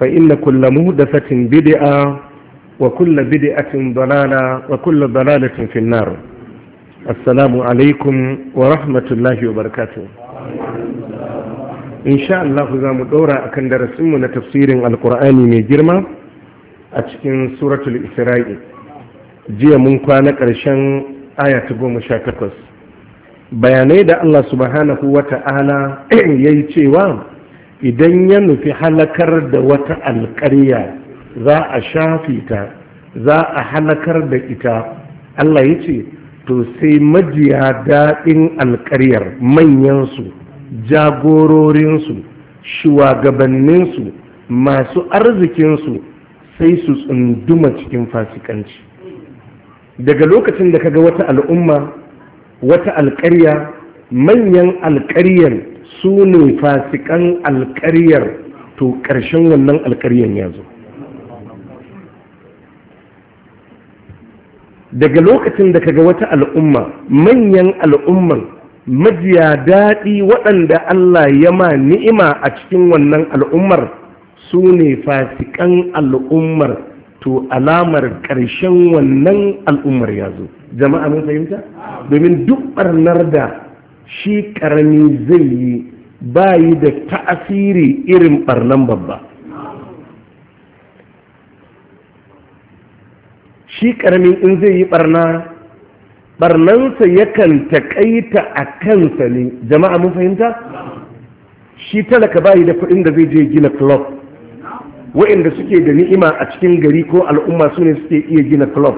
فإن كل مهدفة بدعة وكل بدعة ضلالة وكل ضلالة في النار السلام عليكم ورحمة الله وبركاته إن شاء الله زام الدورة أكن درسمنا تفسير القرآن من جرمة أتكين سورة الإسراء جي منقوانا كرشان آية تقوم شاكتوس bayanai da Allah subhanahu wa ta'ala ya yi cewa idan ya nufi halakar da wata alƙarya za a shafi ta za a halakar da ita Allah ya ce to sai majiya daɗin alƙaryar manyansu jagororinsu shugabanninsu masu arzikinsu sai su tsunduma cikin fasikanci daga lokacin da kaga wata al'umma wata alƙarya manyan alƙaryar su ne fasikan alkaryar to ƙarshen wannan alkaryar ya zo daga lokacin da kaga wata al'umma manyan al'umman majiya daɗi waɗanda Allah ya ma ni'ima a cikin wannan al'ummar su ne fasikan al'ummar to alamar ƙarshen wannan al'ummar ya zo jama'a mun fahimta domin duk ɓarnar da shi karami zai yi bayi da ta'asiri irin barnan babba shi karamin in zai yi barna barnansa yakan taƙaita a kansa ne jama'a mun fahimta shi talaka bayi da kuɗin da zai je gina club wa'inda suke da ni'ima a cikin gari ko al'umma su ne suke iya gina club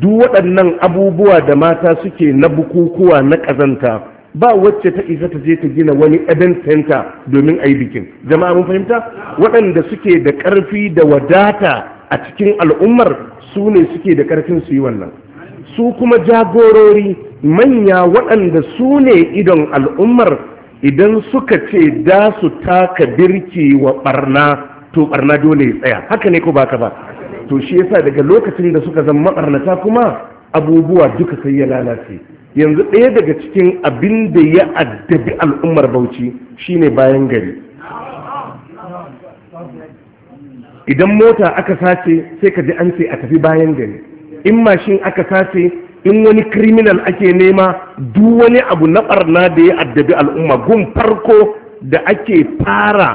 duk waɗannan abubuwa da mata suke na bukukuwa na ƙazanta ba wacce ta isa ta je ta gina wani event center domin a yi bikin jama'a mun fahimta waɗanda suke da ƙarfi da wadata a cikin al'ummar su ne suke da ƙarfin su yi wannan su kuma jagorori manya waɗanda su ne idon al'ummar idan suka ce da su taka birki wa ɓarna to barna dole ya tsaya haka ne ko baka ba to shi yasa daga lokacin da suka zama ɓarnata kuma abubuwa duka sai ya lalace yanzu ɗaya daga cikin abin da ya addabi al'ummar bauchi shine bayan gari idan mota aka sace sai ka ji an ce a tafi bayan gari in mashin aka sace in wani kriminal ake nema duk wani abu na barna da ya addabi al'umma gun farko da ake fara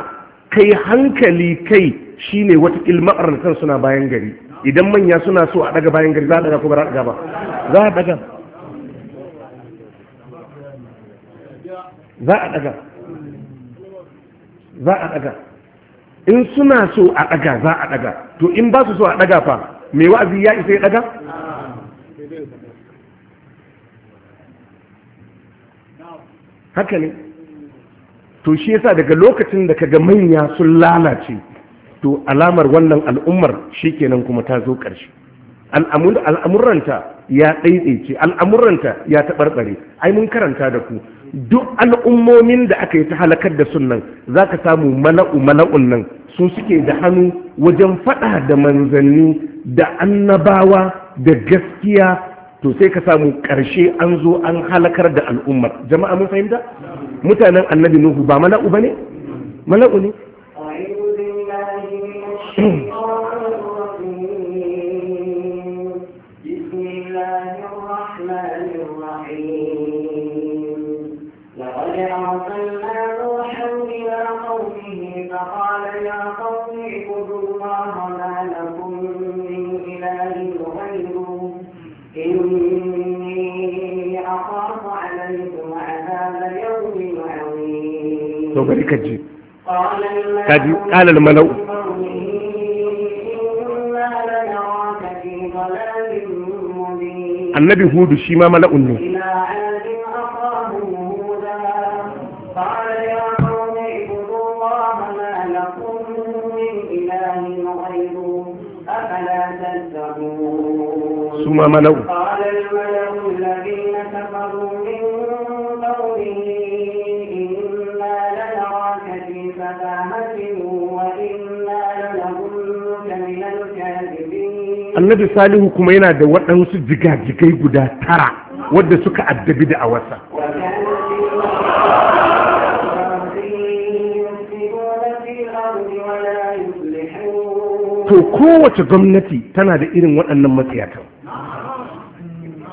kai hankali kai shine wata ilma'ar suna bayan gari idan manya suna so a daga bayan gari za a daga ko ba za a daga ba za a daga za a ɗaga za a ɗaga in suna so a ɗaga za a ɗaga to in ba su so a ɗaga fa mai wa'azi ya isa ya ɗaga haka ne to shi yasa daga lokacin da kaga manya sun lalace to alamar wannan al'ummar shi kenan kuma ta zo ƙarshe al'amuranta ya ɗaiɗaice al'amuranta ya taɓarɓare ai mun karanta da ku duk al'ummomin da aka yi ta halakar da sunan za ka samu mala'u mala'un nan su suke da hannu wajen faɗa da manzanni da annabawa da gaskiya to sai ka samu ƙarshe an zo an halakar da al'ummar jama'a mun fahimta mutanen annabi nuhu ba mala'u ba ne mala'u ne to bari ka ji kaji kalal malau annabi hudu shi ma mala'un ne su ma mala'un annabi salihu kuma yana da waɗansu jigajigai guda tara wadda suka addabi da awasa to kowace gwamnati tana da irin waɗannan matsayatan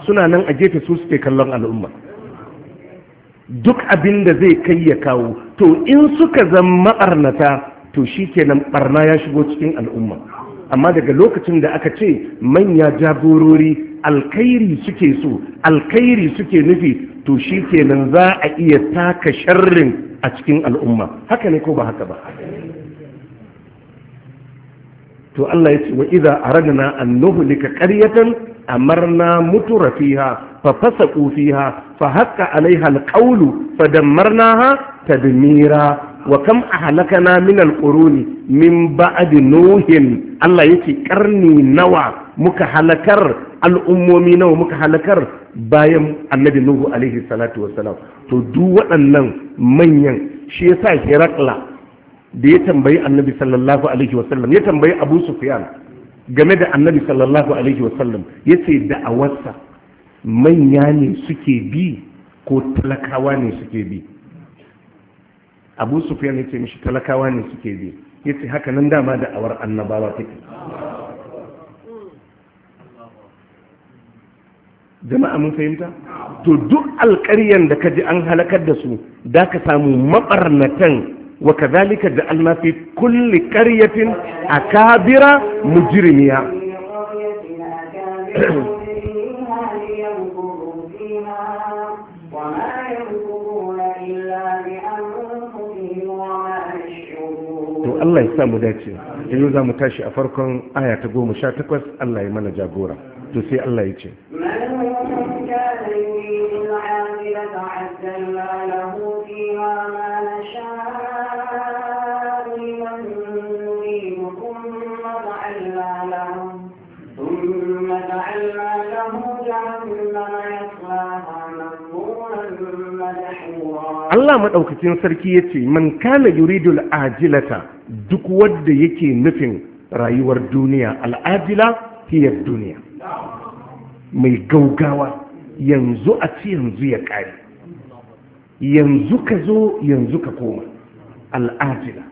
suna nan a gefe su suke kallon al'umma duk abin da zai kai ya kawo to in suka zama ɓarnata to shi kenan ɓarna ya shigo cikin al'umma amma daga lokacin da aka ce manya jagorori alkhairi suke so alkhairi suke nufi to shi kenan za a iya taka sharrin a cikin al'umma haka ne ko ba haka ba to Allah ya ce wa iza aradna an nuhlika qaryatan amarna mutura fiha fa fasaqu fiha fa haqqa alaiha alqawlu fa dammarnaha tadmira wa kam ahlakana min alquruni min ba'di nuhin Allah yake karni nawa muka halakar al'ummomi nawa muka halakar bayan annabi nuhu alaihi salatu wassalam to duk waɗannan manyan shi yasa Herakla da ya tambayi annabi sallallahu alaihi wasallam ya tambayi Abu Sufyan game da annabi sallallahu alaihi wasallam yace da'awarsa manya ne suke bi ko talakawa ne suke bi abu sufiyan ya ce mishi talakawa ne suke bi ya ce haka nan dama da awar annabawa take jama'a mun fahimta to duk alƙaryan da ka ji an halakar da su da ka samu maɓarnatan wa kazalika da an almafi kulli ƙaryatin akabira mujrimiya Allah ya dace yanzu za mu tashi a farkon aya ta goma sha takwas Allah ya mana jagora to sai Allah ya ce Allah maɗaukacin sarki ya ce, Man kana yuridul ajilata duk wadda yake nufin rayuwar duniya al'adila hiyar duniya mai gaugawa yanzu a ci yanzu ya ƙare yanzu ka zo yanzu ka koma al'adila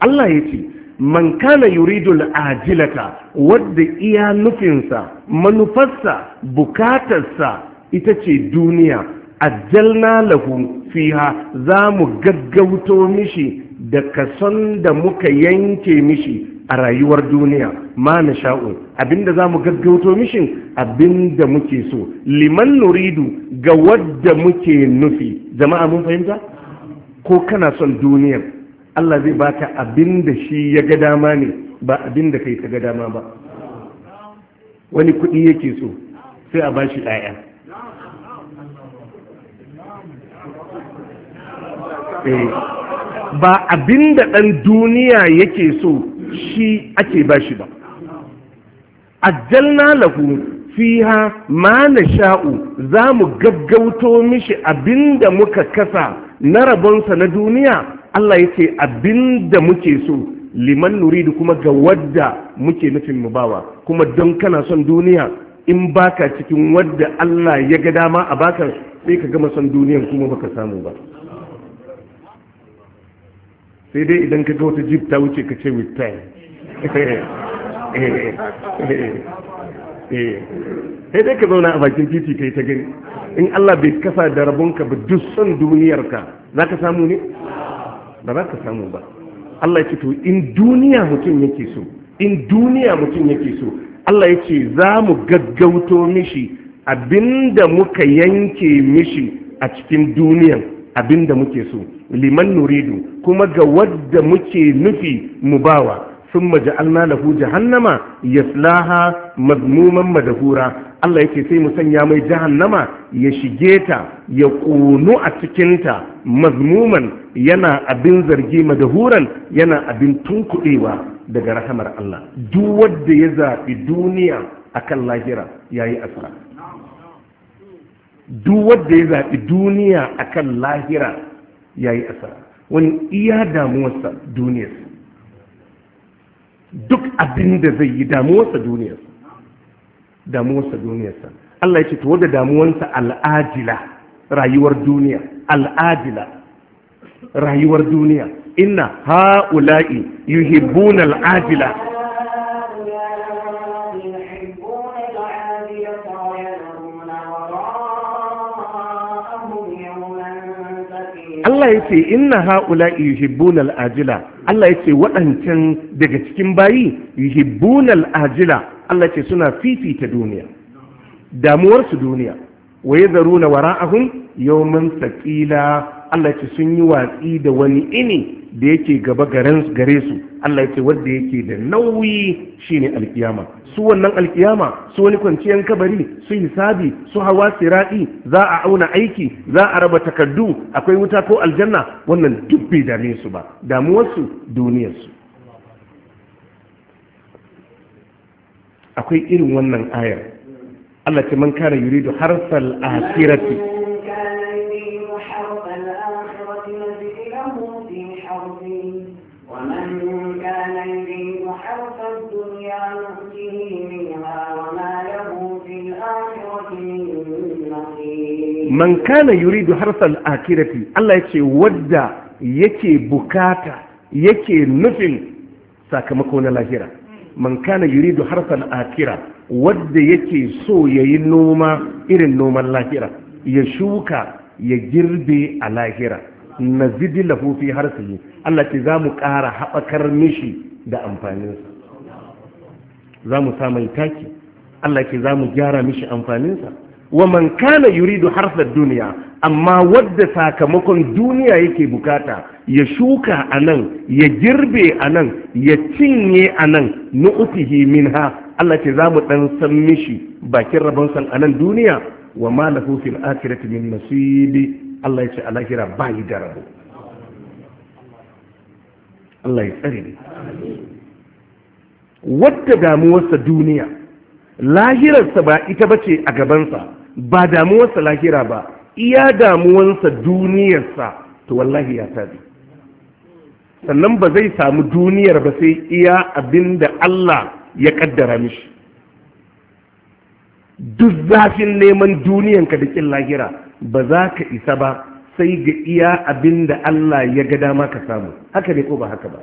Allah ya ce man kana yuridu al'ajilata wadda iya nufinsa manufarsa bukatarsa ita ce duniya ajalna lahu fiha za mu gaggauto mishi da kason da muka yanke mishi a rayuwar duniya ma na sha'u abinda za mu gaggauto mishin abinda muke so liman nuridu ga wadda muke nufi jama'a mun fahimta ko kana son duniyar Allah zai baka abinda shi ya ga dama ne ba abinda kai ka ga dama ba wani kuɗi yake so sai a bashi ɗaya eh ba abin da ɗan duniya yake so shi ake ba shi ba ajjalna lahu fiha ma na sha'u za mu gaggauto mishi abin da muka kasa na rabonsa na duniya Allah ya abin da muke so liman nuridu kuma ga wadda muke nufin mu bawa kuma don kana son duniya in baka cikin wadda Allah ya ga dama a baka sai ka gama son duniyan kuma baka samu ba sai dai idan ka wata jeep ta wuce ka ce with time sai dai ka zauna a bakin titi ka yi ta gani in Allah bai kasa da rabonka ba duk son duniyarka za ka samu ne ba za ka samu ba Allah ya ce to in duniya mutum yake so in duniya mutum yake so Allah ya ce za mu gaggauto mishi abinda muka yanke mishi a cikin duniyan abinda muke so liman nuridu kuma ga wadda muke nufi mu bawa sun maja'alna lahu jahannama yaslaha mazmuman madahura Allah yake sai mu sanya mai jahannama ya shige ta ya ƙunu a cikinta mazmuman yana abin zargi madahuran yana abin tunkuɗewa daga rahamar Allah duk wanda ya zaɓi duniya akan lahira yayi asara duk wanda ya zaɓi duniya akan lahira ya yi asara wani iya damuwarsa duniyarsa duk abin da zai yi damuwarsa duniyarsa damuwarsa duniyarsa Allah ya ce to da damuwarsa al'ajila rayuwar duniya al'ajila rayuwar duniya inna ha'ula'i yuhibbuna al'ajila Allah ya ce inna ha'ula yuhibbunal ajila Allah ya ce waɗancan daga cikin bayi yuhibbunal ajila Allah ce suna fifita duniya damuwarsu duniya wa ya yadharuna Yau yawman thaqila Allah ce sun yi watsi da wani ini da yake gaba gare su Allah ya ce wanda yake da nauyi shine alkiyama su wannan alkiyama su wani kwanciyar kabari su hisabi su hawa siradi za a auna aiki za a raba takardu akwai wuta ko aljanna wannan duk bai dame su ba damuwarsu duniyarsu akwai irin wannan ayar Allah ce man kana yuridu harsal akhirati man kana yuridu harsal akirati Allah ya ce wadda yake bukata yake nufin sakamako na lahira man kana yuridu harsal akira wadda yake so yayi noma irin noman lahira ya shuka ya girbe a lahira na zidi lahu fi harsihi Allah ce za mu ƙara haɓakar mishi da amfaninsa za mu sa taki Allah ce za mu gyara mishi amfaninsa wa man kana yuridu harsar duniya amma wadda sakamakon duniya yake bukata ya shuka a nan ya girbe a nan ya cinye a nan nu'utihi minha Allah ce za mu ɗan san mishi bakin rabon san a nan duniya wa ma na fil akhirati min nasibi Allah ya ce alakira ba yi da rabo Allah ya tsare ne. wadda damuwarsa duniya lahirarsa ba ita bace a gabansa ba damuwarsa lahira ba iya damuwarsa duniyarsa to wallahi ya tabi sannan ba zai samu duniyar ba sai iya abin da Allah ya kaddara mishi duk zafin neman duniyanka da kin lahira ba za ka isa ba sai ga iya abin da Allah ya ga dama ka samu haka ne ko ba haka ba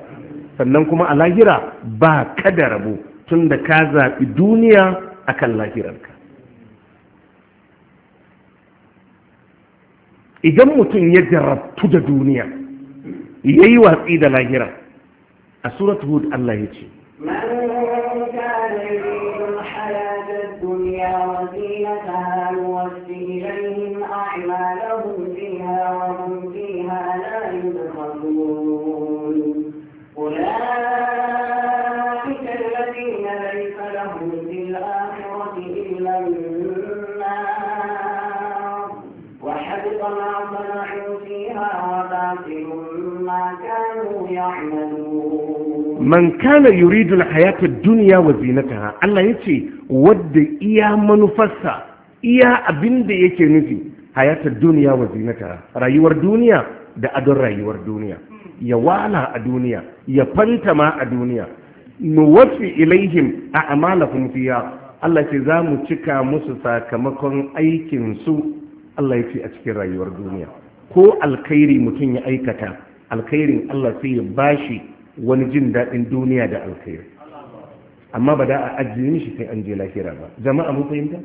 sannan kuma a lahira ba ka da rabo tun ka zaɓi duniya akan lahirarka idan mutum ya jarabtu da duniya ya yi watsi da lahira a surat hud Allah ya ce man kana yuridu al-hayata duniya wa zinataha Allah yace wadda iya manufarsa iya abinda yake nufi hayatar duniya wa zinata rayuwar duniya da adon rayuwar duniya ya wala a duniya ya fantama a duniya nuwafi ilaihim a amala fiya Allah ce za mu cika musu sakamakon aikinsu Allah ya ce a cikin rayuwar duniya ko alkhairi mutum ya aikata alkhairin Allah sai ya bashi wani jin daɗin duniya da alkhairi amma ba da a ajiye shi sai an je lahira ba jama'a mun fahimta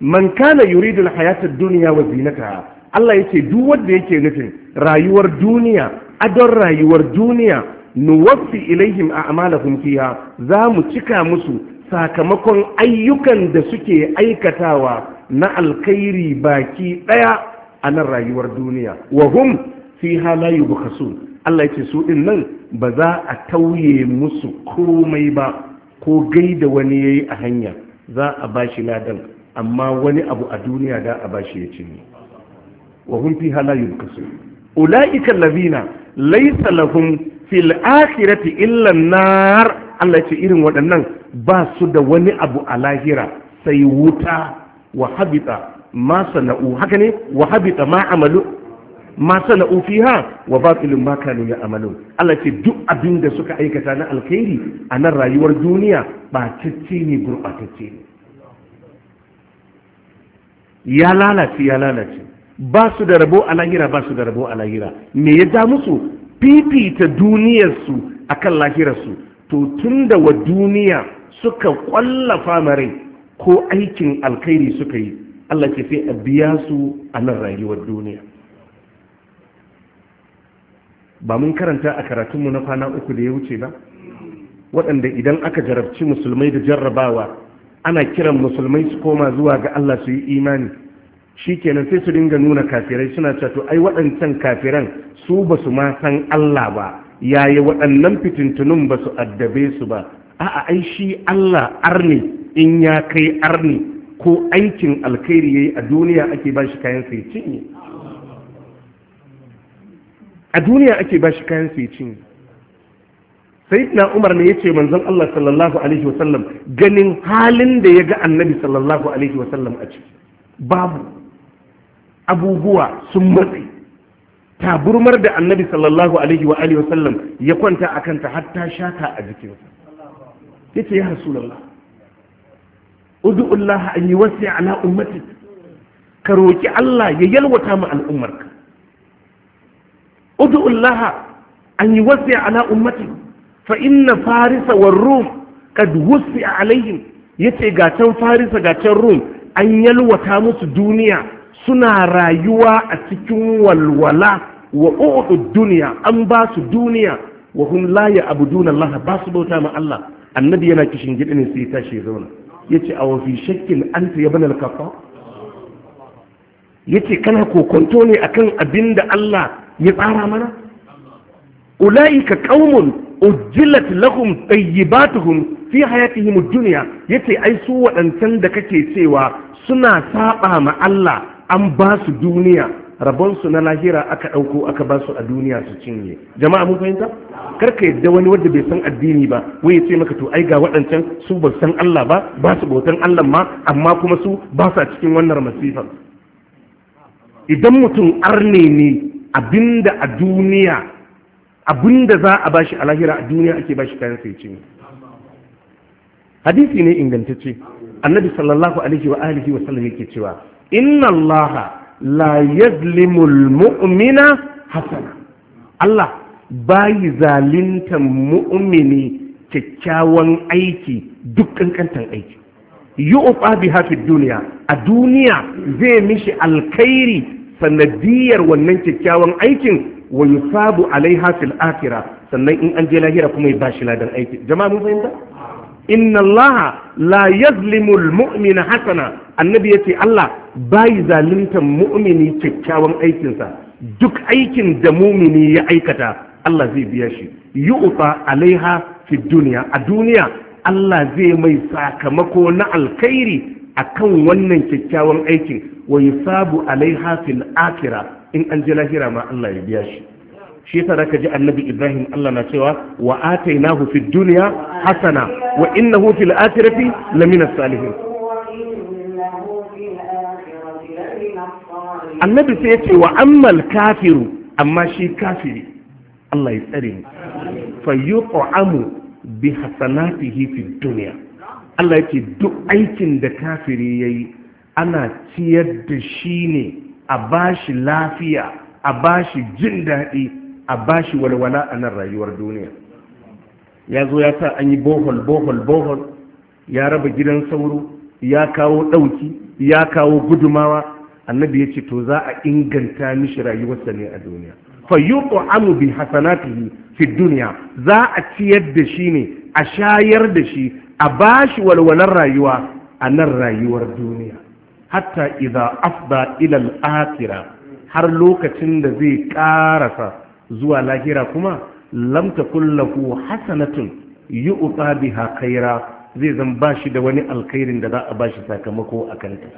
man kana yuridul hayatar dunya wa zinataha Allah yake duk wanda yake nufin rayuwar duniya adon rayuwar duniya nuwaffi ilaihim a'malahum fiha za mu cika musu sakamakon ayyukan da suke aikatawa na alkhairi baki daya a nan rayuwar duniya wa hum fiha la yubkhasun Allah yake su din nan ba za a tauye musu komai ba ko gaida wani ya yi a hanya za a ba shi ladan amma wani abu a duniya da a ba shi ya ce wa hun fi buka su ula'ikan lafina laisa lahum fil akhirati illa nar Allah ce irin waɗannan ba su da wani abu a lahira sai wuta wa habita ma sana'u haka ne wa habita ma amalu na ofi ha wa ba maka ma kanu amalu Allah ce duk abin da suka aikata na alkhairi a nan rayuwar duniya ba ne gurbatacce ne ya lalace ya lalace ba su da rabo a lahira ba su da rabo a lahira me ya da musu fifita duniyarsu akan lahirarsu to tun da wa duniya suka kwallafa marai ko aikin alkhairi suka yi Allah ke sai a biya su a nan rayuwar duniya ba mun karanta a karatunmu na kwana uku da ya wuce ba waɗanda idan aka jarabci musulmai da jarrabawa ana kiran musulmai su koma zuwa ga Allah su yi imani shi kenan sai su dinga nuna kafirai suna cato ai waɗancan kafiran su ba su ma san Allah ba yaya waɗannan fitintunun ba su addabe su ba a'a ai shi Allah arni in ya kai arni ko aikin alkhairi yayi a duniya ake ba shi kayan sai cinye a duniya ake ba shi kayan sai cin sai na umar ne ya ce manzon Allah sallallahu alaihi wasallam ganin halin da ya ga annabi sallallahu alaihi wasallam a ciki babu abubuwa sun matsi taburmar da annabi sallallahu alaihi wa alihi wasallam ya kwanta a kanta hatta shata a jikinsa ya ce ya rasulallah udu'ullaha an yi wasi ala ala'ummatin. ka roki Allah ya yalwata ma al'ummarka ud'u Allah an yuwazzi ala ummati fa inna farisa war rum kad wusi alaihim yace ga can farisa gacan can rum an yalwata musu duniya suna rayuwa a cikin walwala wa u'ud duniya an basu su duniya wa hum la ya'buduna Allah ba su bauta ma Allah annabi yana kishin gidi ne sai tashi zauna yace a wafi shakkin anta ya bana al-kafa yace kana kokonto ne akan abinda Allah ya tsara mana ulaika ƙaumun ujilat lahum tayyibatuhum fi hayatihim dunya yace ai su waɗancan da kake cewa suna saɓa ma Allah an ba su duniya rabonsu na lahira aka ɗauko aka ba su a duniya su cinye jama'a mun fahimta karka yadda wani wanda bai san addini ba wai ya ce maka to ai ga waɗancan su ba san Allah ba ba su bautan Allah ma amma kuma su ba sa cikin wannan masifan idan mutum arne ne abinda a duniya abinda za a bashi a lahira a duniya ake bashi kayan sai ce hadisi ne ingantacce annabi sallallahu alaihi wa alihi wa sallam yake cewa inna allaha la yazlimu almu'mina hasana Allah bayi zalintan mu'mini kyakkyawan aiki duk kankantan aiki yi uba bi hafi duniya a duniya zai mishi alkhairi sanadiyar wannan kyakkyawan aikin wa yusabu alaiha fil akhira sannan in an je lahira kuma ya bashi ladan aiki jama'a mun fahimta inna Allah la yazlimu almu'mina hasana annabi yace Allah bai zaluntar mu'mini kyakkyawan aikinsa duk aikin da mumini ya aikata Allah zai biya shi yu'ta alaiha fi duniya a duniya Allah zai mai sakamako na alkhairi akan wannan kyakkyawan aikin wa yusabu alaiha fil akhirah in an ji lahira ma Allah ya biya shi shi yasa zaka ji annabi Ibrahim Allah na cewa wa atainahu fid dunya hasana wa innahu fil akhirati lamina salihin annabi sai ya ce wa ammal kafiru amma shi kafiri Allah ya tsare ni fa yuqamu bi hasanatihi fid dunya Allah yake duk aikin da kafiri yayi ana ciyar da shi ne a ba shi lafiya a ba shi jin daɗi a ba shi walwala a nan rayuwar duniya ya zo ya sa an yi bohol bohol bohol ya raba gidan sauro ya kawo ɗauki ya kawo gudumawa annabi ya ce to za a inganta mishi rayuwarsa ne a duniya fa amu bi hasanatihi fi dunya za a ciyar da shi ne a shayar da shi a ba shi walwalar rayuwa a nan rayuwar duniya hatta iza afda ilal al har lokacin da zai karasa zuwa lahira kuma lam takul lahu yi yu'ta biha kaira zai zan bashi da wani alkhairin da za a bashi sakamako a kanta.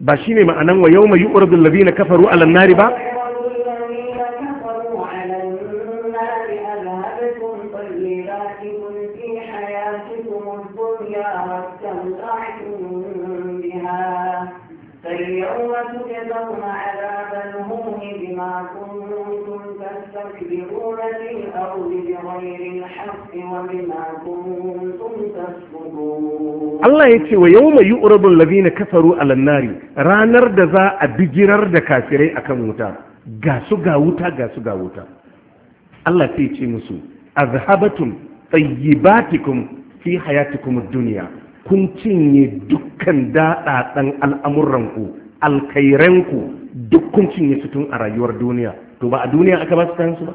ba shi ne ma'anan wa yawma yu'radu alladhina kafaru ala an-nari ba فتجزون عذاب الهون بما كنتم تستكبرون في الأرض بغير الحق وبما كنتم تسكتون الله يتي ويوم يؤرض الذين كفروا على النار رانر دزا أبجرر دكاسري أكم وتا غاسو غاوتا غاسو غاوتا الله تيتي مسو أذهبتم طيباتكم في حياتكم الدنيا kun cinye dukkan daɗaɗen al'amuranku alkhairanku duk kun cinye su tun a rayuwar duniya to ba a duniya aka ba su kayan su ba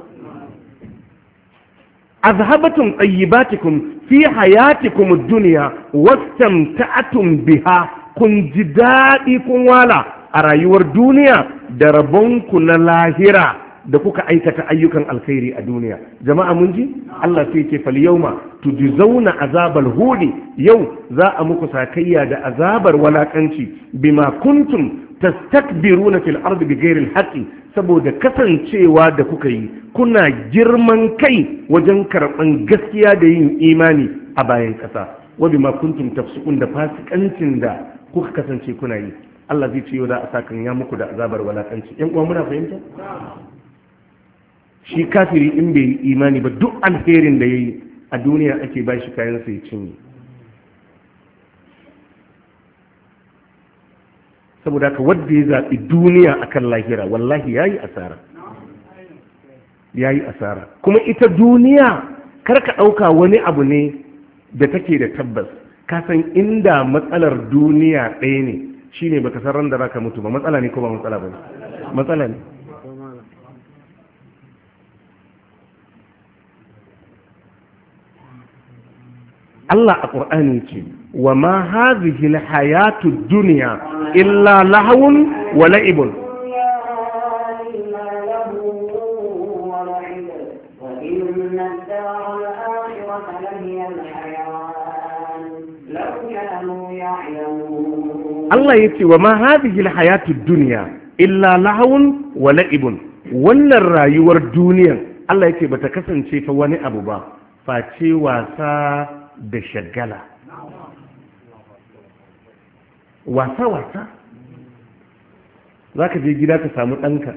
azhabatum tayyibatikum fi hayatikum ad-dunya wastamta'atum biha kun ji daɗi kun wala a rayuwar duniya da rabonku na lahira da kuka aikata ayyukan alkhairi a duniya jama'a mun ji Allah sai ce fal yawma tujzauna azabal hudi yau za a muku sakayya da azabar walakanci bima kuntum tastakbiruna fil ardi bighairi alhaqi saboda kasancewa da kuka yi kuna girman kai wajen karban gaskiya da yin imani a bayan kasa wa bima kuntum tafsukun da fasikancin da kuka kasance kuna yi Allah zai ce yau za a sakan ya muku da azabar walakanci yan uwa muna fahimta shi kafiri in bai yi imani ba duk alherin da ya yi a duniya ake ba shi kayan sai cinye saboda ka wadda ya zaɓi duniya akan lahira wallahi ya yi asara ya yi asara kuma ita duniya kar ka ɗauka wani abu ne da take da tabbas ka san inda matsalar duniya ɗaya ne shine baka san ran da zaka mutu ba matsala ne ko ba matsala ba matsala ne Allah a ƙur'ani ce wa ma hazihi hayatu duniya illa lahawun wa la'ibun Allah ya ce wa ma hazihi hayatu duniya illa lahawun wa la'ibun wannan rayuwar duniyan Allah ya ce bata kasance ta wani abu ba face wasa da shagala wasa-wasa za ka je gida ka samu ɗanka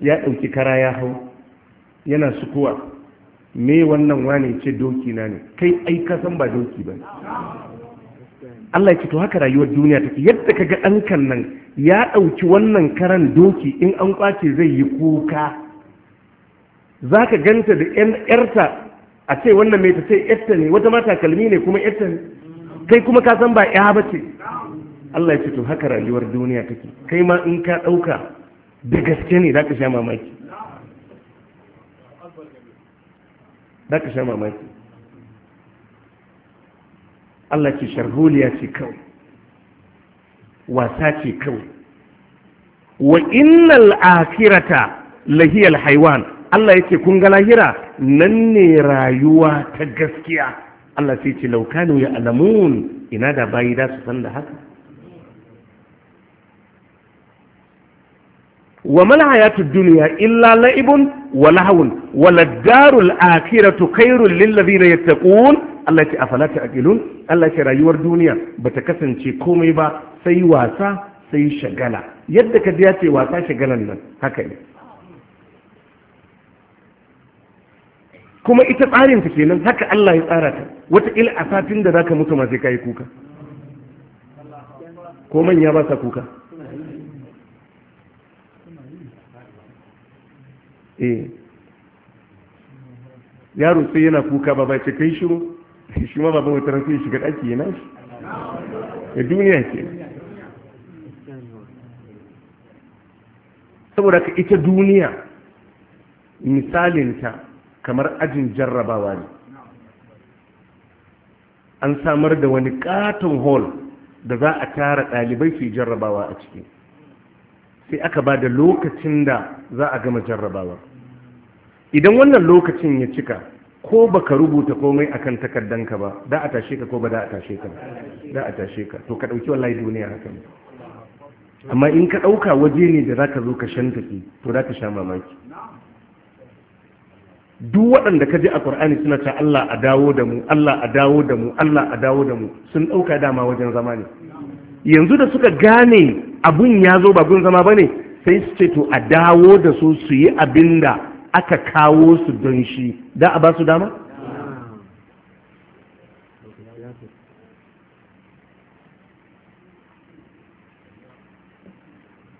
ya ɗauki kara ya hau yana sukuwa me wannan wane ce doki na ne kai ai ka san ba doki ba Allah ya ce to haka rayuwar duniya take yadda kaga ɗankan nan ya ɗauki wannan karan doki in an kwace zai yi kuka za ka ganta da 'yarta a ce wannan mai ta ce yatta ne wata mata kalmi ne kuma yatta ne kai kuma ka san ba ya bace Allah ya ce to haka rayuwar duniya take kai ma in ka ɗauka da gaske ne zaka sha mamaki zaka sha mamaki Allah ce sharholiya ce kawai wasa ce kawai wa innal akhirata lahiyal haiwan Allah yake kun ga lahira nan ne rayuwa ta gaskiya Allah sai ce laukanu ya alamun ina da bayi da su san da haka wa mal hayatud dunya illa la'ibun wa lahawun wa ladarul akhiratu khairul lil ladina yattaqun Allah ce afala ta'qilun Allah ce rayuwar duniya bata kasance komai ba sai wasa sai shagala yadda ka ya ce wasa shagalan nan haka ne kuma ita tsarin ta kenan haka Allah ya tsara ta wata ila a satin da zaka mutu ma sai kai kuka ko manya ba sa kuka eh yaro sai yana kuka ba bai ce kai shiru shi ma baban wata rafi shiga daki yana shi ya duniya ke saboda ka ita duniya misalinta kamar ajin jarrabawa ne an samar da wani katon hall da za a tara ɗalibai su jarrabawa a ciki sai aka ba da lokacin da za a gama jarrabawa idan wannan lokacin ya cika ko baka rubuta komai akan takardanka ba da a tashe ka ko ba da a tashe ka da a tashe ka to ka ɗauki wallahi duniya haka ne amma in ka ɗauka waje ne da za ka zo ka tafi, to za ka sha mamaki duk waɗanda ka je a Qur'ani suna ce Allah a dawo da mu Allah a dawo da mu Allah a dawo da mu sun ɗauka dama wajen zama ne yanzu da suka gane abun ya zo ba gun zama ba ne sai su ce to a dawo da su su yi abin da aka kawo su don shi da a ba su dama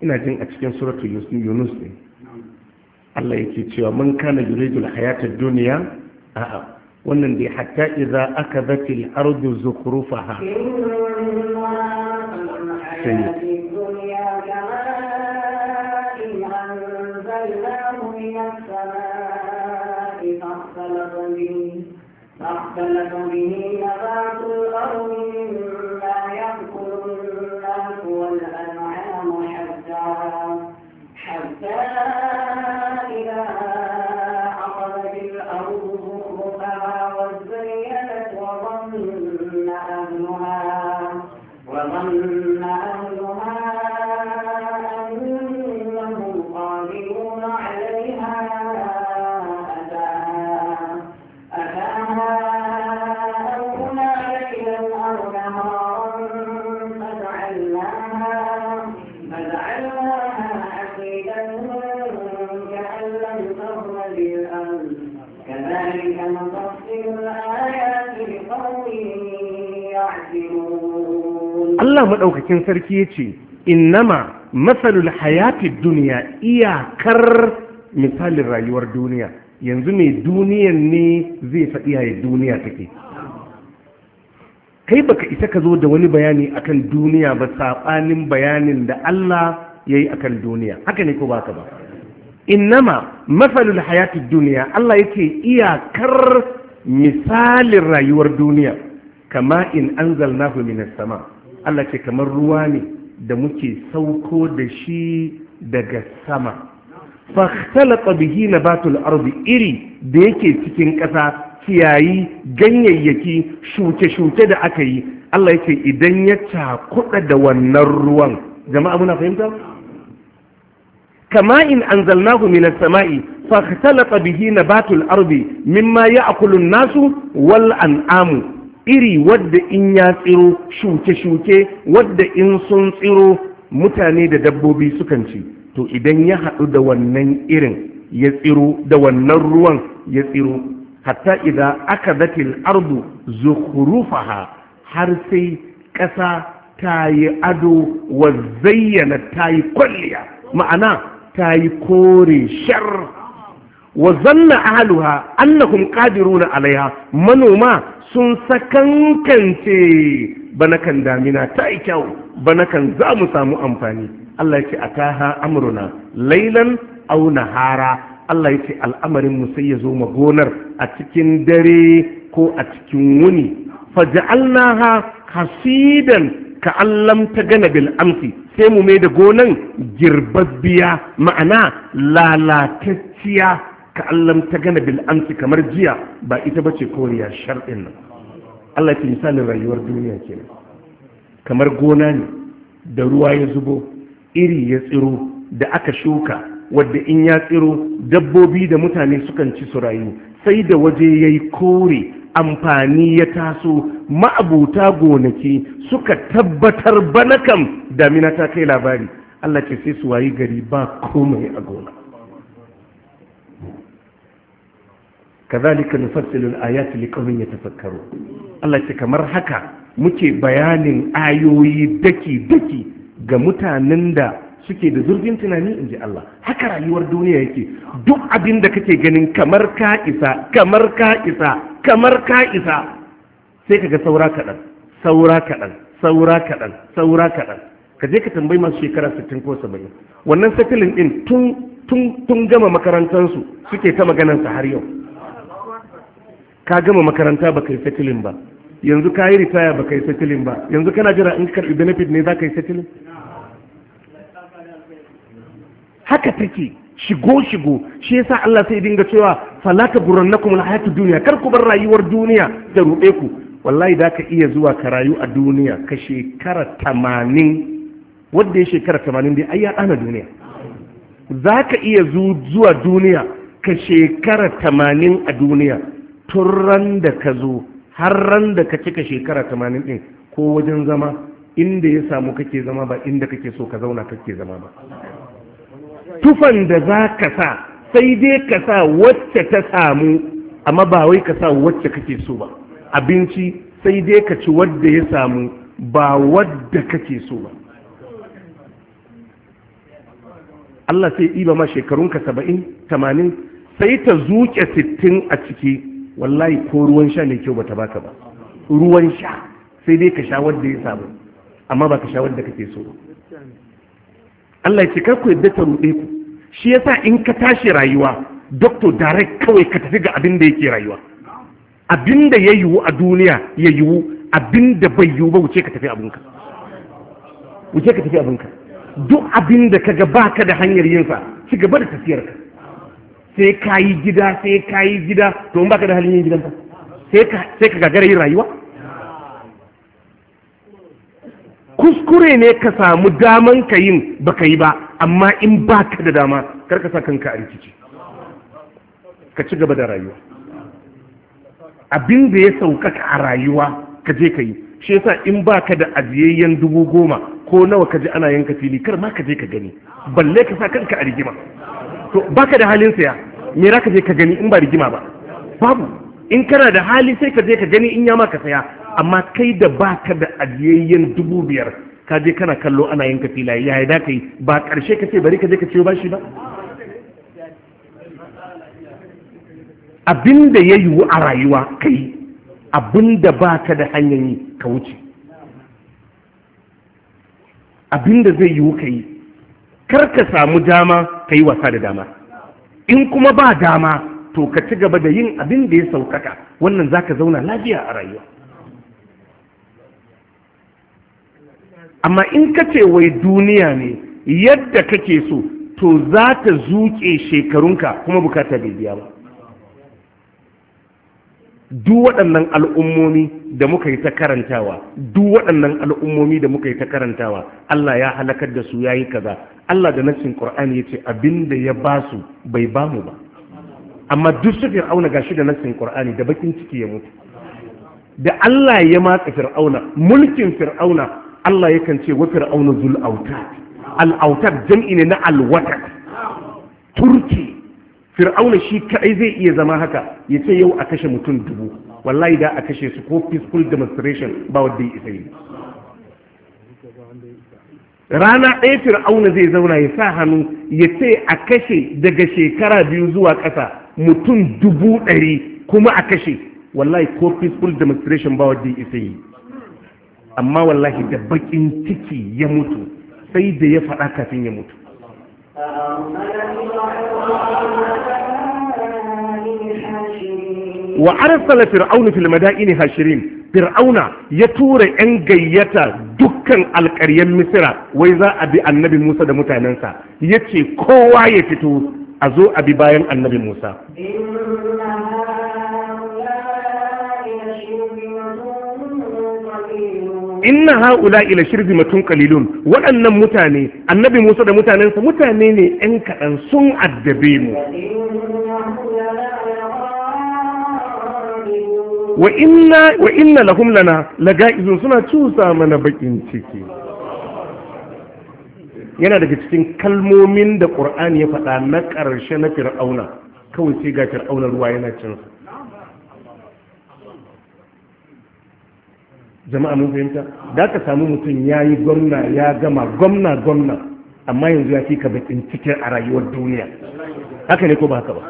ina jin a cikin suratul yunus ne Allah yake cewa man kana yuridul hayatad dunya a'a wannan dai hatta idza akadatil ardu zukhrufaha sai Allah maɗaukakin sarki ya ce innama matsalul hayatid duniya iyakar misalin rayuwar duniya yanzu mai duniyan ne zai faɗi yaya duniya take kai baka isa ka zo da wani bayani akan duniya ba saɓanin bayanin da Allah ya yi akan duniya haka ne ko baka ba innama matsalul hayatid duniya Allah yake iyakar misalin rayuwar duniya kama in anzalnahu minas sama Allah ce kamar ruwa ne da muke sauko da shi daga sama fahtalata bihi nabatul ardi iri da yake cikin ƙasa ciyayi ganyayyaki shuke-shuke da aka yi Allah yake idan ya cakuɗa da wannan ruwan jama'a muna fahimta kama in anzalnahu minas sama'i fahtalata bihi nabatul ardi mimma ya'kulu an-nasu wal an'amu iri wadda in ya tsiro shuke-shuke wadda in sun tsiro mutane da dabbobi sukan ci to idan ya haɗu da wannan irin ya tsiro da wannan ruwan ya tsiro hatta idan aka zatil ardu zukurufaha har sai ƙasa ta yi ado wa zayyana ta yi kwalliya ma'ana ta yi kore shar wa zanna ahaluha annahum qadiruna alaiha manoma sun sakankance bana kan damina ta yi kyau bana kan za mu samu amfani Allah ya ce a taha amruna lailan au nahara Allah ya ce al'amarin mu sai ya zo ma gonar a cikin dare ko a cikin wuni faja'alnaha hasidan ka allam ta gana bil amsi sai mu mai da gonan girbabbiya ma'ana lalatacciya ka allam ta gana bil amsi kamar jiya ba ita ba ce koriya shar'in nan Allah ce misalin rayuwar duniya ke kamar gona ne da ruwa ya zubo iri ya tsiro da aka shuka wadda in ya tsiro dabbobi da mutane sukan ci su rayu sai da waje ya yi kore amfani ya taso ma'abuta gonaki suka tabbatar bana kam damina ta kai labari Allah ce sai su wayi gari ba komai a gona kazalika nufassilu al-ayati ya yatafakkarun Allah ce kamar haka muke bayanin ayoyi daki daki ga mutanen da suke da zurfin tunani in ji Allah haka rayuwar duniya yake duk abin da kake ganin kamar ka isa kamar ka isa kamar ka isa sai kaga saura kaɗan saura kaɗan saura kaɗan saura kaɗan ka je ka tambayi masu shekara 60 ko 70 wannan satilin din tun tun tun gama makarantansu suke ta maganar har yau ka gama makaranta ba kai settling ba yanzu ka yi ritaya ba kai settling ba yanzu kana jira in karɓi benefit ne za ka yi settling haka take shigo shigo shi yasa Allah sai dinga cewa falaka burannakum alhayatu duniya kar ku bar rayuwar duniya da rube ku wallahi da ka iya zuwa ka rayu a duniya ka shekara 80 wanda ya shekara 80 dai ai ya dana duniya ka iya zuwa duniya ka shekara 80 a duniya tun ran da ka zo har ran da ka cika shekara tamanin ɗin ko wajen zama inda ya samu kake zama ba inda kake so ka zauna kake zama ba tufan da za ka sa sai dai ka sa wacce ta samu amma ba wai ka sa wacce kake so ba abinci sai dai ka ci wadda ya samu ba wadda kake so ba Allah sai ba ma shekarunka saba'in tamanin sai ta zuke sittin a ciki wallahi ko ruwan sha ne, kyau bata baka ba ruwan sha sai dai ka sha wanda ya samu amma ba ka sha wanda kake so Allah ya ce kar ku yadda ta ruɗe ku shi yasa in ka tashi rayuwa doctor direct kawai ka tafi ga abin da yake rayuwa abin da ya yiwu a duniya ya yiwu abin da bai yiwu ba wuce ka tafi ka. wuce ka tafi ka. duk abin da kaga baka da hanyar yinsa ci gaba da tafiyar ka. sai ka yi gida sai ka yi gida to in baka da halin yin ka sai ka gagara yin rayuwa kuskure ne ka samu daman ka yin baka yi ba amma in baka da dama kar ka sa kanka a rikici ka ci gaba da rayuwa abin da ya sauƙaƙa a rayuwa ka je ka yi shi yasa in baka da ajiyayyen dubu goma ko nawa ka ji ana yanka fili kar ma ka je ka gani balle ka sa kanka a rigima to baka da halin saya me za ka je ka gani in ba rigima ba babu in kana da hali sai ka je ka gani in ya maka saya amma kai da baka da ajiyayyen dubu biyar ka je kana kallo ana yanka filaye ya da kai ba karshe ka bari ka je ka ciyo bashi ba Abin da ya yiwu a rayuwa kai da baka da hanyar ka wuce abin da zai yiwu ka yi kar ka samu dama ka yi wasa da dama in kuma ba dama to ka ci gaba da yin abin da ya saukaka wannan za ka zauna lafiya a rayuwa amma in ka ce wai duniya ne yadda kake so to za ta zuke shekarunka kuma bukata bai biya ba duk waɗannan al'ummomi da muka yi ta karantawa duk waɗannan al'ummomi da muka yi ta karantawa Allah ya halakar da su yayi kaza Allah da nassin Qur'ani yace da ya basu bai bamu ba amma duk su fir'auna gashi da nassin Qur'ani da bakin ciki ya mutu da Allah ya matsa fir'auna mulkin fir'auna Allah yakan ce wa fir'auna zul autat al autat jam'i ne na al watat turki fir'auna shi kaɗai zai iya zama haka ya ce yau a kashe mutum dubu wallahi da a kashe su ko peaceful demonstration ba wanda ya isa yi rana ɗaya fir'auna zai zauna ya sa hannu ya ce a kashe daga shekara biyu zuwa ƙasa mutum dubu ɗari kuma a kashe wallahi ko peaceful demonstration ba wadda isa yi amma wallahi da baƙin ciki ya mutu sai da ya faɗa kafin ya mutu wa arsala fir'auna fil madaini hashirin fir'auna ya tura 'yan gayyata dukkan alƙaryar misira wai za a bi annabi musa da mutanensa ya ce kowa ya fito a zo a bi bayan annabi musa inna haula ila shirbi matun kalilun waɗannan mutane annabi musa da mutanensa mutane ne 'yan kaɗan sun addabe mu wa inna lahum lana laga'izun suna cusa mana bakin ciki yana daga cikin kalmomin da Ƙur'ani ya faɗa na ƙarshe na fir'auna kawai sai ga fir'auna ruwa yana cin jama'a mun fahimta da ka samu mutum ya yi gwamna ya gama gwamna gwamna amma yanzu ya fi ka bakin cikin a rayuwar duniya haka ne ko ba haka ba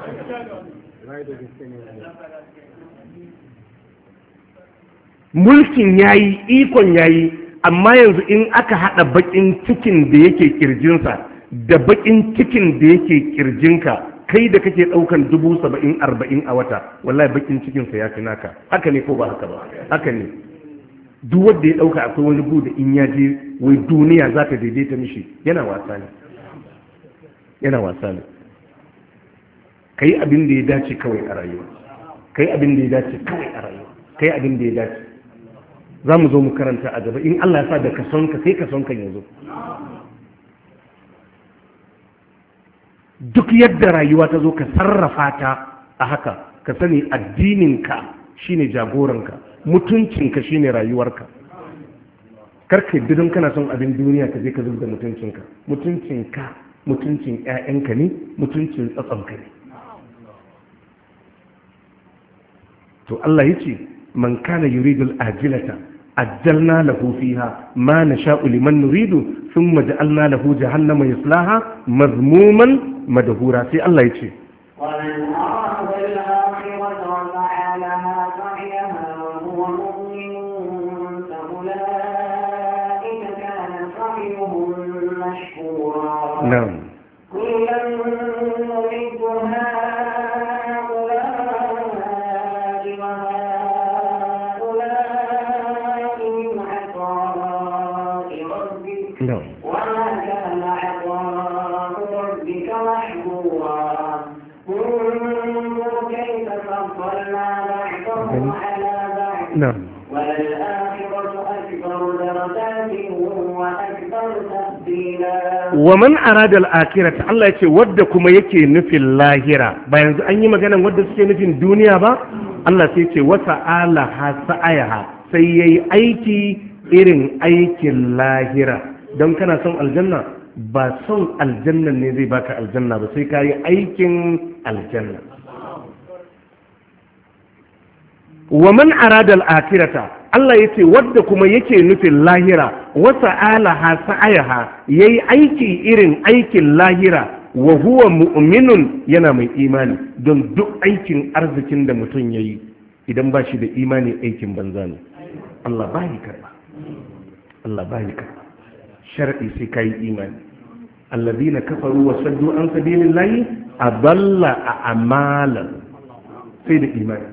mulkin yayi ikon yayi amma yanzu in aka hada bakin cikin da yake kirjinsa da bakin cikin da yake kirjinka kai da kake daukan dubu saba'in arba'in a wata wallahi bakin cikinsa ya fi naka haka ne ko ba haka ba haka ne duk wanda ya dauka akwai wani buɗe in ya je wai duniya za ta daidaita mishi yana wasa ne yana wasa ne kai abin da ya dace kawai a rayuwa kai abin da ya dace kawai a rayuwa kai abin da ya dace za mu zo mu karanta a gaba in Allah ya sa da ka ka sai ka son ya zo duk yadda rayuwa ta zo ka sarrafa ta a haka ka sani addininka shine jagoranka mutuncinka shine rayuwarka karka yadda kana son abin duniya ka je ka zubda mutuncinka mutuncinka mutuncin 'ya'yanka ne mutuncin tsatsanka ne to Allah ya ce man kana yuridul ajilata أجلنا له فيها ما نشاء لمن نريد ثم جعلنا له جهنم يصلاها مذموما مدهورا في الله يجي ومن أراد الآخرة وسعى لها سعيها وهو مؤمن فأولئك كان سعيهم مشكورا نعم wa man arada al-akhirata Allah yake wadda kuma yake nufin lahira ba yanzu an yi maganan wadda suke nufin duniya ba Allah sai ce wa sa'ala hasa'aha sai yayi aiki irin aikin lahira don kana son aljanna ba son aljanna ne zai baka aljanna ba sai kayi aikin aljanna wa man arada al-akhirata Allah yace wadda kuma yake nufin lahira wasa alaha sa'ayaha yi aiki irin aikin lahira wa huwa mu'minun yana mai imani don duk aikin arzikin da mutum ya yi idan ba shi da imani aikin banza ne Allah ba yi karba Allah ba yi karba shar'i sai yi imani alladhina kafaru wa saddu an balla a a'malan sai da imani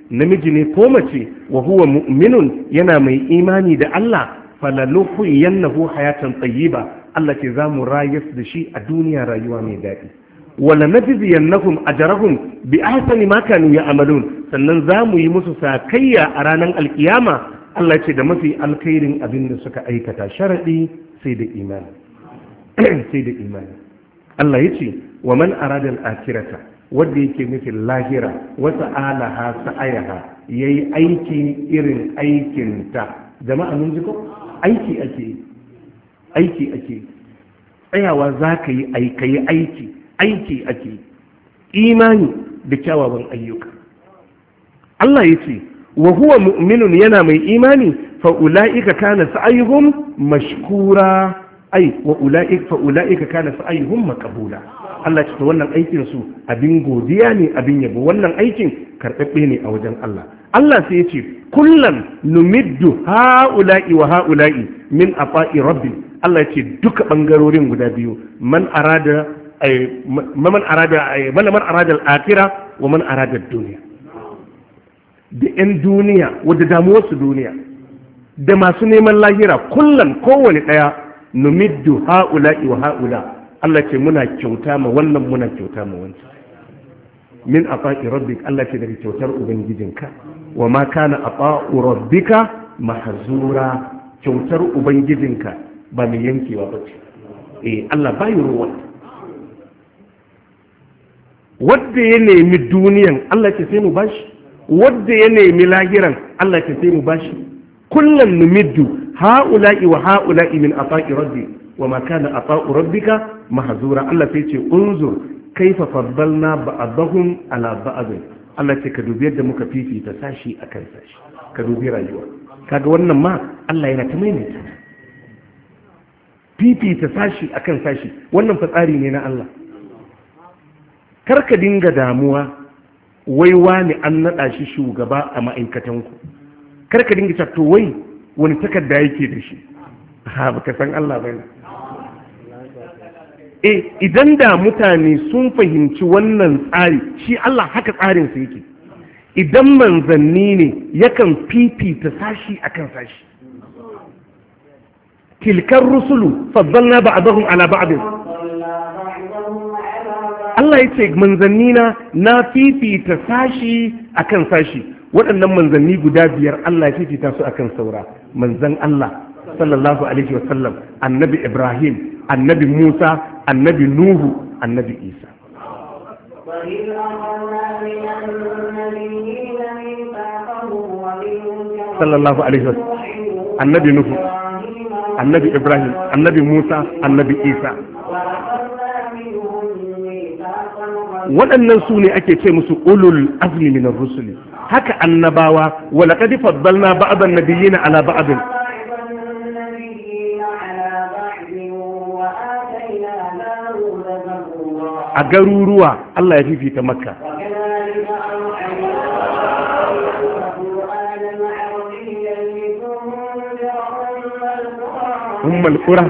namiji ne ko mace wa huwa mu'minun yana mai imani da Allah falaluhu yannahu hayatan tayyiba Allah ke zamu rayas da shi a duniya rayuwa mai daɗi wala najzi yannahum ajrahum bi ahsani ma kanu ya'malun sannan zamu yi musu sakayya a ranar alkiyama Allah ce da mafi alkhairin abin da suka aikata sharadi sai da imani sai da imani Allah yace wa man arada al-akhirata wanda yake nufin lahira wata alaha sa'ayaha yayi aiki irin aikinta. jama'a mun ji ko aiki ake aiki ake tsayawa za ka yi aikayi aiki aiki ake imani da kyawawan ayyuka Allah ya ce wa huwa mu'minun yana mai imani fa ula'ika kana sa'ayuhum mashkura ai wa ula'ika fa ula'ika kana sa'ayuhum maqbula Allah ce wannan aikin su abin godiya ne abin yabo wannan aikin karɓaɓɓe ne a wajen Allah Allah sai ya ce kullan numiddu ha'ula'i wa ha'ula'i min afa'i rabbi Allah ya ce duka bangarorin guda biyu man arada man arada man arada al-akhirah wa man arada ad-dunya da 'yan duniya wadda damuwarsu duniya da masu neman lahira kullum kowane ɗaya numiddu ha'ula'i wa ha'ula Allah ce muna kyauta ma wannan muna kyauta ma wancan min a faƙi rabbik Allah ce daga kyautar ubangijinka wa ma kana a ataqu rabbika mahazura kyautar ubangijinka ba mai yankewa ba ce eh Allah bai ruwa wanda ya nemi duniyan Allah ce sai mu bashi wanda ya nemi lahiran Allah ce sai mu bashi kullum numiddu ha'ula'i wa ha'ula'i min a faƙi rabbik wa ma kana ata'u rabbika mahzura Allah sai ce unzur kaifa faddalna ba'dahum ala ba'd Allah ce ka dubi yadda muka fifita sashi akan sashi ka dubi rayuwa kaga wannan ma Allah yana ta maimaita fifita sashi akan sashi wannan fa tsari ne na Allah karka dinga damuwa wai wani an naɗa shi shugaba a ma'aikatanku karka dinga cewa to wai wani takarda yake da shi ha baka san Allah bane eh idan da mutane sun fahimci wannan tsari shi Allah haka tsarinsa yake idan manzanni ne yakan fifita sashi akan sashi tilkar rusulu faddalna ba'dahum ala ba'd Allah ya ce manzanni na na fifita sashi akan sashi waɗannan manzanni guda biyar Allah ya fifita su akan saura manzan Allah sallallahu alaihi wasallam annabi Ibrahim annabi Musa annabi nuhu annabi isa وإذ أخذنا من النبيين ميثاقهم ومنهم صلى الله عليه وسلم النبي نوح النبي إبراهيم النبي موسى النبي إيسى waɗannan su ne ake ce musu ulul azmi min rusuli haka annabawa wa laqad faddalna ba'd an-nabiyyina ala ba'd a garuruwa Allah ya fifita makka ummul qura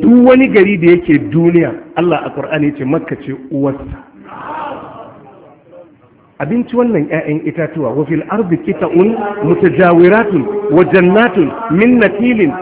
duk wani gari da yake duniya Allah a Qur'ani ce makka ce uwarsa abinci wannan 'ya'yan itatuwa wa fil ardi mutajawiratun wa jannatun min natilin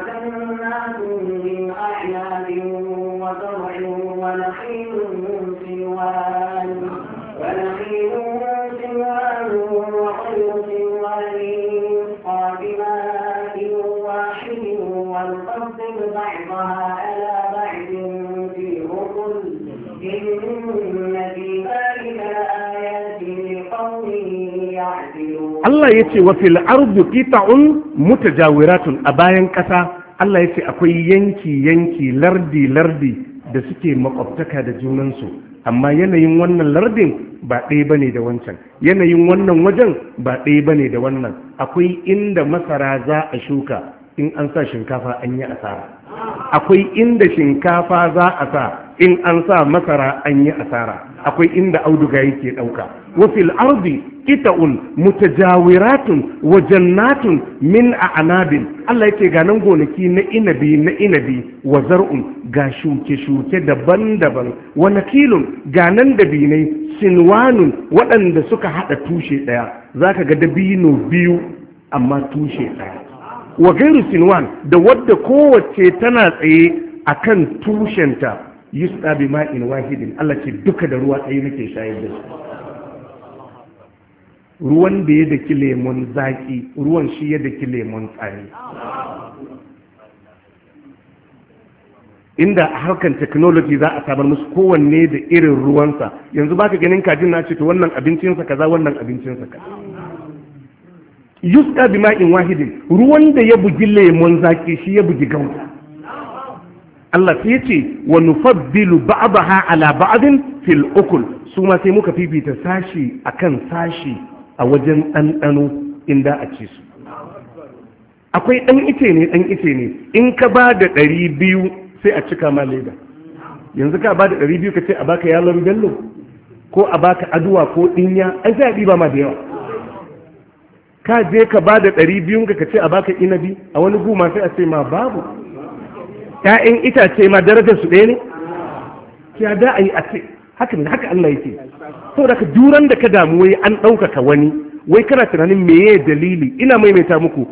Allah ya ce wa fil ardu qita'un mutajawiratun a bayan ƙasa Allah ya ce akwai yanki yanki lardi lardi da suke makwabtaka da junansu amma yanayin wannan lardin ba ɗaya bane da wancan yanayin wannan wajen ba ɗaya bane da wannan akwai inda masara za a shuka in an sa shinkafa an yi asara akwai inda shinkafa za a sa in an sa masara an yi asara akwai inda auduga yake ɗauka Wa وفي الأرض wajen natun min a أعناب Allah yake ga nan gonaki na inabi na inabi wa zar'un ga shuke-shuke daban-daban wa nakilun ga nan dabinai sinwanun waɗanda suka haɗa tushe ɗaya zaka ga dabino biyu amma tushe ɗaya wa gairu sinwan da wadda kowace tana tsaye akan tushenta yusɗa ma'in wahidin Allah ce duka da ruwa ɗaya nake shayar da shi. ruwan da ya daki lemon zaki ruwan shi ya daki lemon tsami inda a harkar technology za a samar musu kowanne da irin ruwansa yanzu baka ganin kajin na ce to wannan abincinsa kaza wannan abincinsa kaza yuska bi ma'in wahidin ruwan da ya bugi lemon zaki shi ya bugi gauta Allah sai ce wa nufaddilu ba'daha ala ba'din fil ukul su ma sai muka fifita sashi akan sashi a wajen ɗanɗano in da a ci su akwai ɗan ice ne ɗan ice ne in ka ba da ɗari biyu sai a cika ma leda yanzu ka ba da ɗari biyu ka ce a baka yalon bello ko a baka aduwa ko ɗinya ai sai a ɗiba ma da yawa ka je ka ba da ɗari biyu ka ce a baka inabi a wani guma sai a ce ma babu ‘ya'yan itace ma darajar su ɗaya ne? ya da a yi a ce haka ne haka Allah yake saboda ka duran da ka damu wai an ɗaukaka wani wai kana tunanin meye dalili ina maimaita muku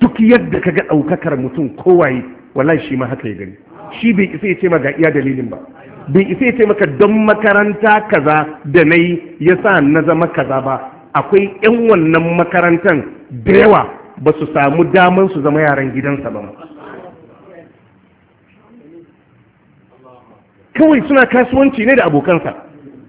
duk yadda ka ga ɗaukakar mutum kowaye wallahi shi ma haka ya gani shi bai isa ya ce ma ga iya dalilin ba bai isa ya ce maka don makaranta kaza da na yi ya sa na zama kaza ba akwai 'yan wannan makarantar da yawa ba su samu daman su zama yaran gidansa ba kawai suna kasuwanci ne da abokansa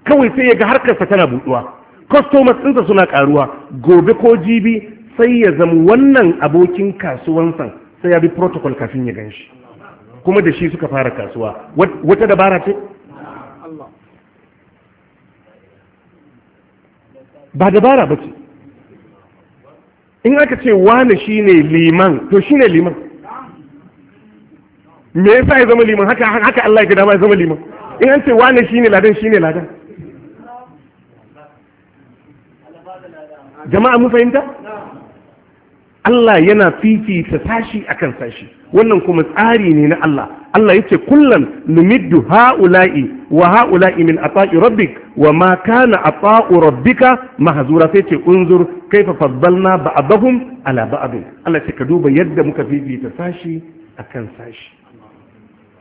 kawai sai ya ga harkarsa tana buɗuwa customers ɗinsa suna ƙaruwa gobe ko jibi sai ya zama wannan abokin kasuwansa sai ya bi protocol kafin ya gan shi kuma da shi suka fara kasuwa wata dabara ce ba dabara ba ce in aka ce wane shine liman to shine liman me yasa ya zama liman haka haka Allah ya ga dama ya zama liman in an ce wane shine ladan shine ladan jama'a mun fahimta Allah yana fifita sashi akan sashi wannan kuma tsari ne na Allah Allah yace kullum numiddu haula'i wa haula'i min ata'i rabbik wa ma kana ata'u rabbika mahzura sai ce unzur kaifa faddalna ba'dahum ala ba'd Allah ce ka duba yadda muka fifita sashi akan sashi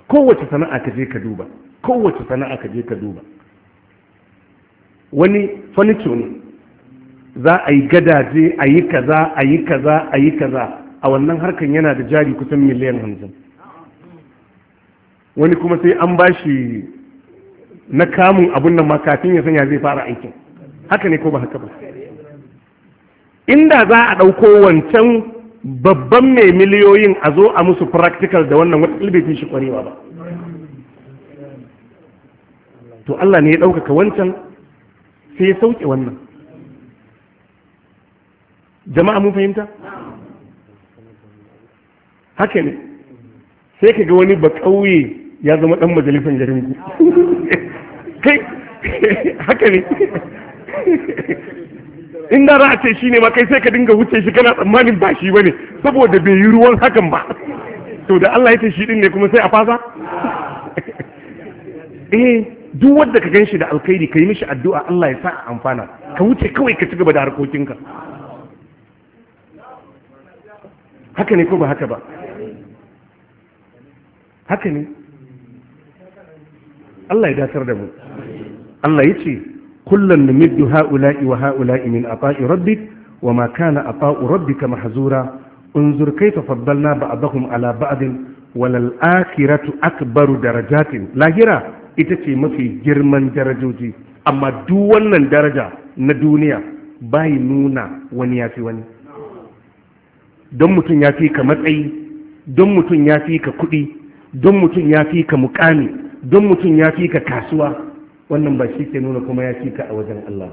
kowace sana'a ka je ka duba kowace sana'a ka je ka duba wani furniture ne za a yi gadaje a yi kaza a yi kaza a yi kaza a wannan harkan yana da jari kusan miliyan hamsin wani kuma sai an bashi na kamun abun nan ma kafin ya sanya zai fara aikin haka ne ko ba haka ba inda za a ɗauko wancan babban mai miliyoyin a zo a musu practical da wannan wata ilbefin shi kwarewa ba to Allah ne ya ɗaukaka wancan sai ya sauke wannan jama'a mun fahimta haka ne sai ka ga wani ba ƙauye ya zama ɗan majalisar garin ku kai haka ne in da za a ce shi ne ma kai sai ka dinga wuce shi kana tsammanin ba shi bane saboda bai yi ruwan hakan ba to da Allah ya ce shi din ne kuma sai a fasa eh duk wanda ka ganshi da alkhairi kai mishi addu'a Allah ya sa a amfana ka wuce kawai ka ci gaba da harkokinka haka ne ko ba haka ba haka ne Allah ya dasar da mu Allah ya ce kullum numiddu ha'ula'i wa ha'ula'i min ata'i rabbik wa ma kana ata'u rabbika mahzura unzur kayfa faddalna ba'dahum ala ba'din walal akhiratu akbaru darajatin lahira ita ce mafi girman darajoji amma duk wannan daraja na duniya bai nuna wani yafi wani don mutum ya fi ka matsayi don mutum ya fi ka kuɗi don mutum ya fi ka mukami don mutum ya fi ka kasuwa wannan ba shi ke nuna kuma ya fi ka a wajen Allah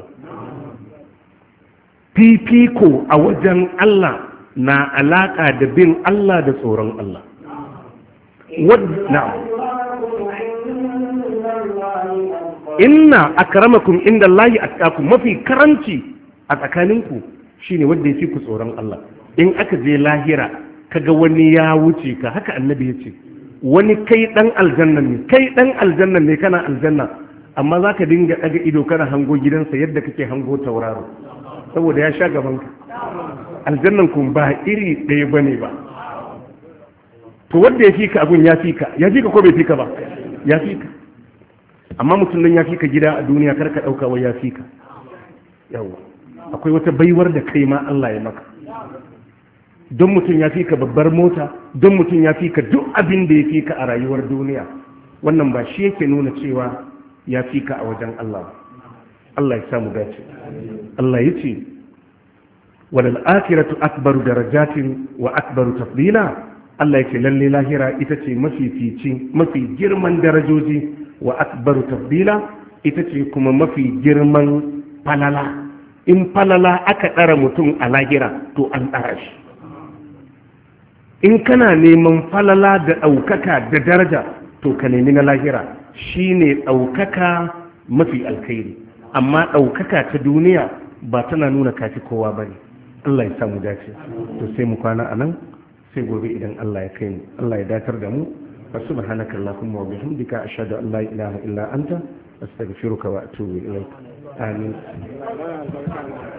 fifiko a wajen Allah na alaƙa da bin Allah da tsoron Allah inna akramakum inda Allahi atqakum mafi karanci a tsakaninku shine wanda ya fi ku tsoron Allah in aka je lahira kaga wani ya wuce ka haka annabi ya ce wani kai dan aljanna ne kai dan aljanna ne kana aljanna amma za ka dinga ɗaga ido kana hango gidansa yadda kake hango tauraro saboda ya sha ka aljannan kun ba iri ɗaya ba ne ba to wanda ya fi ka abun ya fi ka ya fi ka ko bai fi ka ba ya fi ka amma mutum nan ya fi ka gida a duniya kar ka ɗauka wai ya fi ka yawa akwai wata baiwar da kai ma Allah ya maka don mutum ya fi ka babbar mota don mutum ya fi ka duk abin da ya fi ka a rayuwar duniya wannan ba shi yake nuna cewa ya fi ka a wajen Allah Allah ya samu dace Allah ya ce walal akhiratu akbaru darajatin wa akbaru tafdila Allah ya ce lalle lahira ita ce mafi fici mafi girman darajoji wa akbaru tafdila ita ce kuma mafi girman falala in falala aka ɗara mutum a lahira to an ɗara shi in kana neman falala da ɗaukaka da daraja to ka nemi na lahira shine ɗaukaka mafi alkhairi amma ɗaukaka ta duniya ba tana nuna kafi kowa ba ne Allah ya samu dace to sai mu kwana a nan sai gobe idan Allah ya kai mu Allah ya dakar da mu fa subhanaka allahumma wa bihamdika ashhadu an la ilaha illa anta astaghfiruka wa atubu ilayk amin